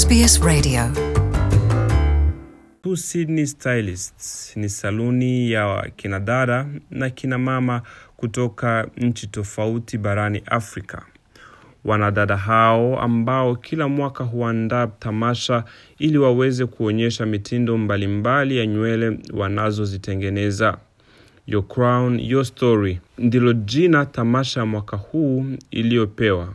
SBS Radio. Sydney Stylists ni saluni ya kinadada na kina mama kutoka nchi tofauti barani Afrika. Wanadada hao ambao kila mwaka huandaa tamasha ili waweze kuonyesha mitindo mbalimbali ya nywele wanazozitengeneza. Your Crown, Your Story ndilo jina tamasha ya mwaka huu iliyopewa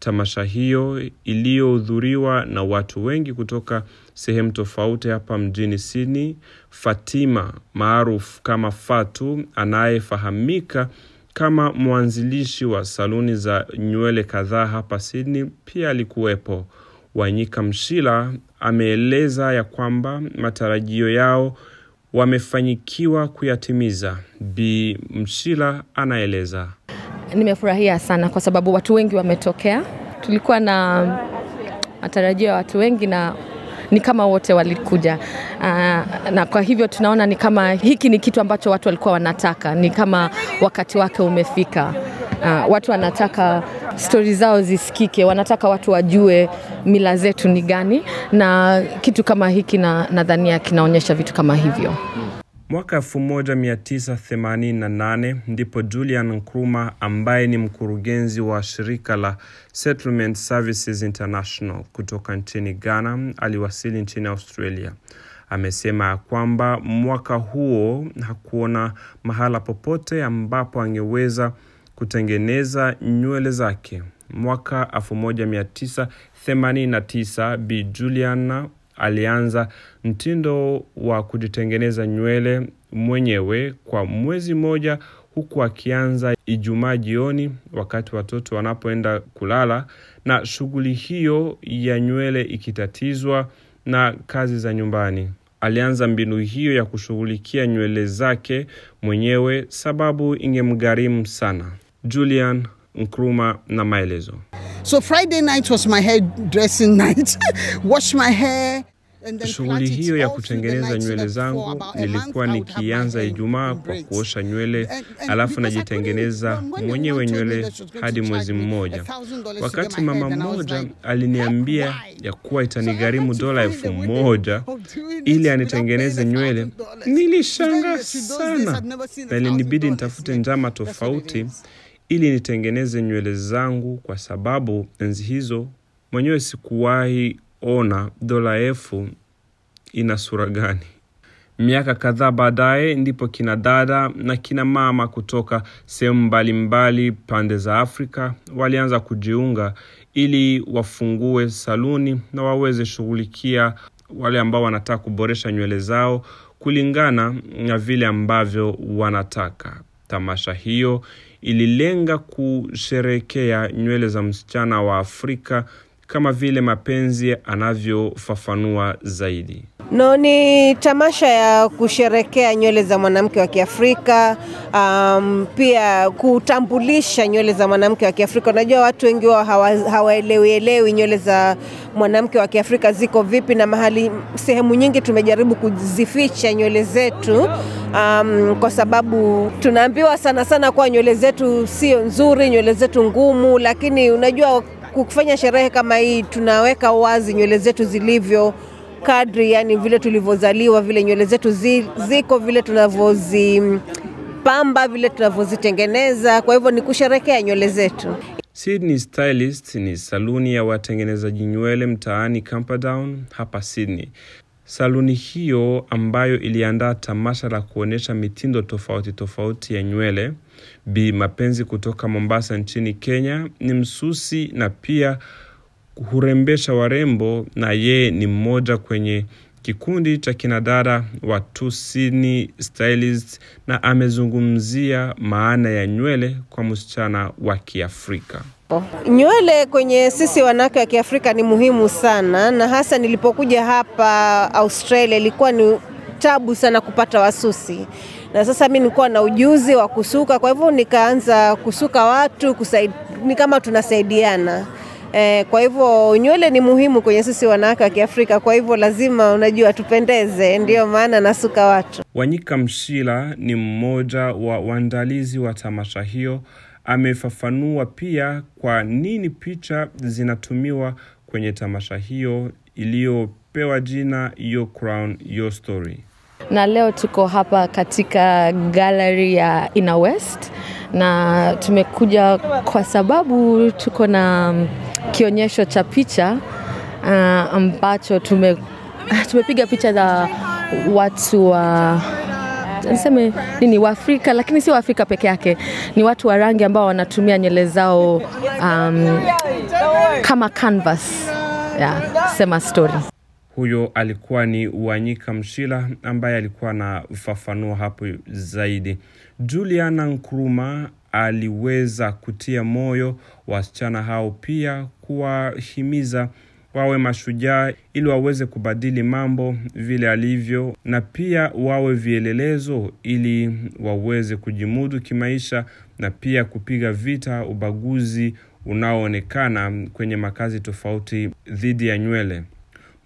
tamasha hiyo iliyohudhuriwa na watu wengi kutoka sehemu tofauti hapa mjini sini Fatima maarufu kama Fatu, anayefahamika kama mwanzilishi wa saluni za nywele kadhaa hapa Sydney, pia alikuwepo. Wanyika Mshila ameeleza ya kwamba matarajio yao wamefanyikiwa kuyatimiza. Bi Mshila anaeleza. Nimefurahia sana kwa sababu watu wengi wametokea. Tulikuwa na matarajio ya watu wengi na ni kama wote walikuja. Aa, ah, na kwa hivyo tunaona ni kama hiki ni kitu ambacho watu walikuwa wanataka, ni kama wakati wake umefika. Aa, ah, watu wanataka stori zao zisikike, wanataka watu wajue mila zetu ni gani, na kitu kama hiki na nadhania kinaonyesha vitu kama hivyo. Mwaka 1988 ndipo Julian Nkrumah ambaye ni mkurugenzi wa shirika la Settlement Services International kutoka nchini Ghana aliwasili nchini Australia. Amesema kwamba mwaka huo hakuona mahala popote ambapo angeweza kutengeneza nywele zake. Mwaka 1989 Bi Juliana alianza mtindo wa kujitengeneza nywele mwenyewe kwa mwezi mmoja huku akianza Ijumaa jioni wakati watoto wanapoenda kulala, na shughuli hiyo ya nywele ikitatizwa na kazi za nyumbani. Alianza mbinu hiyo ya kushughulikia nywele zake mwenyewe, sababu ingemgharimu sana. Julian nkruma na maelezo. So Friday night was my hair dressing night. Wash my hair. Shughuli hiyo ya kutengeneza nywele zangu nilikuwa nikianza Ijumaa kwa kuosha nywele, alafu najitengeneza mwenyewe nywele hadi mwezi mmoja, wakati mama mmoja aliniambia ya kuwa itanigharimu dola elfu moja ili anitengeneze nywele. Nilishangaa sana na ilinibidi nitafute njama tofauti ili nitengeneze nywele zangu kwa sababu enzi hizo mwenyewe sikuwahi ona dola elfu ina sura gani. Miaka kadhaa baadaye ndipo kina dada na kina mama kutoka sehemu mbalimbali pande za Afrika walianza kujiunga ili wafungue saluni na waweze shughulikia wale ambao wanataka kuboresha nywele zao kulingana na vile ambavyo wanataka. Tamasha hiyo ililenga kusherekea nywele za msichana wa Afrika kama vile mapenzi anavyofafanua zaidi. No, ni tamasha ya kusherekea nywele za mwanamke wa Kiafrika, um, pia kutambulisha nywele za mwanamke wa Kiafrika. Unajua watu wengi wao hawaelewielewi hawa nywele za mwanamke wa Kiafrika ziko vipi, na mahali sehemu nyingi tumejaribu kuzificha nywele zetu um, kwa sababu tunaambiwa sana sana kuwa nywele zetu sio nzuri, nywele zetu ngumu, lakini unajua kufanya sherehe kama hii tunaweka wazi nywele zetu zilivyo kadri, yani vile tulivyozaliwa, vile nywele zetu zi, ziko vile tunavyozipamba, vile tunavyozitengeneza. Kwa hivyo ni kusherekea nywele zetu. Sydney Stylist ni saluni ya watengenezaji nywele mtaani Camperdown hapa Sydney. Saluni hiyo ambayo iliandaa tamasha la kuonyesha mitindo tofauti tofauti ya nywele. Bi Mapenzi kutoka Mombasa nchini Kenya ni msusi na pia hurembesha warembo na yeye ni mmoja kwenye kikundi cha wa tusini Stylist, na amezungumzia maana ya nywele kwa msichana wa Kiafrika. Nywele kwenye sisi wanawake wa Kiafrika ni muhimu sana, na hasa nilipokuja hapa Australia ilikuwa ni tabu sana kupata wasusi na sasa mi nilikuwa na ujuzi wa kusuka, kwa hivyo nikaanza kusuka watu kusaidia, ni kama tunasaidiana. E, kwa hivyo nywele ni muhimu kwenye sisi wanawake wa Kiafrika, kwa hivyo lazima unajua tupendeze, ndiyo maana nasuka watu. Wanyika Mshila ni mmoja wa waandalizi wa tamasha hiyo. Amefafanua pia kwa nini picha zinatumiwa kwenye tamasha hiyo iliyopewa jina Your Crown Your Story. Na leo tuko hapa katika gallery ya Inner West na tumekuja kwa sababu tuko na kionyesho cha picha uh, ambacho tume, tumepiga picha za watu wa niseme nini Waafrika, lakini si Waafrika peke yake, ni watu wa rangi ambao wanatumia nywele zao um, kama canvas yeah, sema story. Huyo alikuwa ni Wanyika Mshila ambaye alikuwa anafafanua hapo zaidi. Juliana Nkruma aliweza kutia moyo wasichana hao, pia kuwahimiza wawe mashujaa ili waweze kubadili mambo vile alivyo, na pia wawe vielelezo ili waweze kujimudu kimaisha na pia kupiga vita ubaguzi unaoonekana kwenye makazi tofauti dhidi ya nywele.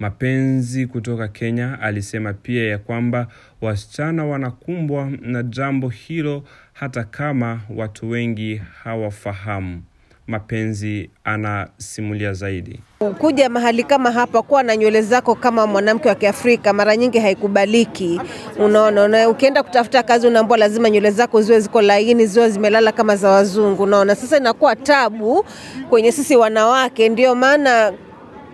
Mapenzi kutoka Kenya alisema pia ya kwamba wasichana wanakumbwa na jambo hilo hata kama watu wengi hawafahamu. Mapenzi anasimulia zaidi. Kuja mahali kama hapa, kuwa na nywele zako kama mwanamke wa Kiafrika mara nyingi haikubaliki. Unaona, Na ukienda kutafuta kazi unaambiwa lazima nywele zako ziwe ziko laini, ziwe zimelala kama za wazungu. Unaona, sasa inakuwa tabu kwenye sisi wanawake, ndio maana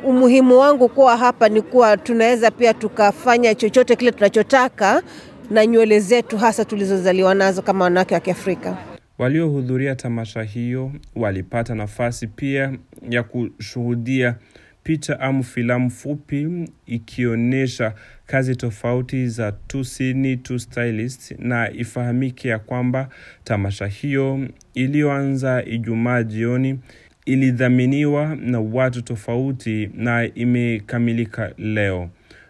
umuhimu wangu kuwa hapa ni kuwa tunaweza pia tukafanya chochote kile tunachotaka na nywele zetu hasa tulizozaliwa nazo kama wanawake wa Kiafrika. Waliohudhuria tamasha hiyo walipata nafasi pia ya kushuhudia picha amu filamu fupi ikionyesha kazi tofauti za Two Sydney Two na ifahamike ya kwamba tamasha hiyo iliyoanza Ijumaa jioni ilidhaminiwa na watu tofauti na imekamilika leo.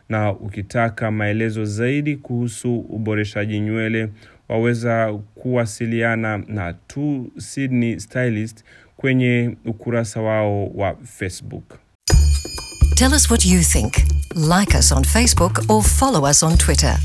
Na ukitaka maelezo zaidi kuhusu uboreshaji nywele, waweza kuwasiliana na tu Sydney Stylist kwenye ukurasa wao wa Facebook. Tell us what you think. Like us on Facebook or follow us on Twitter.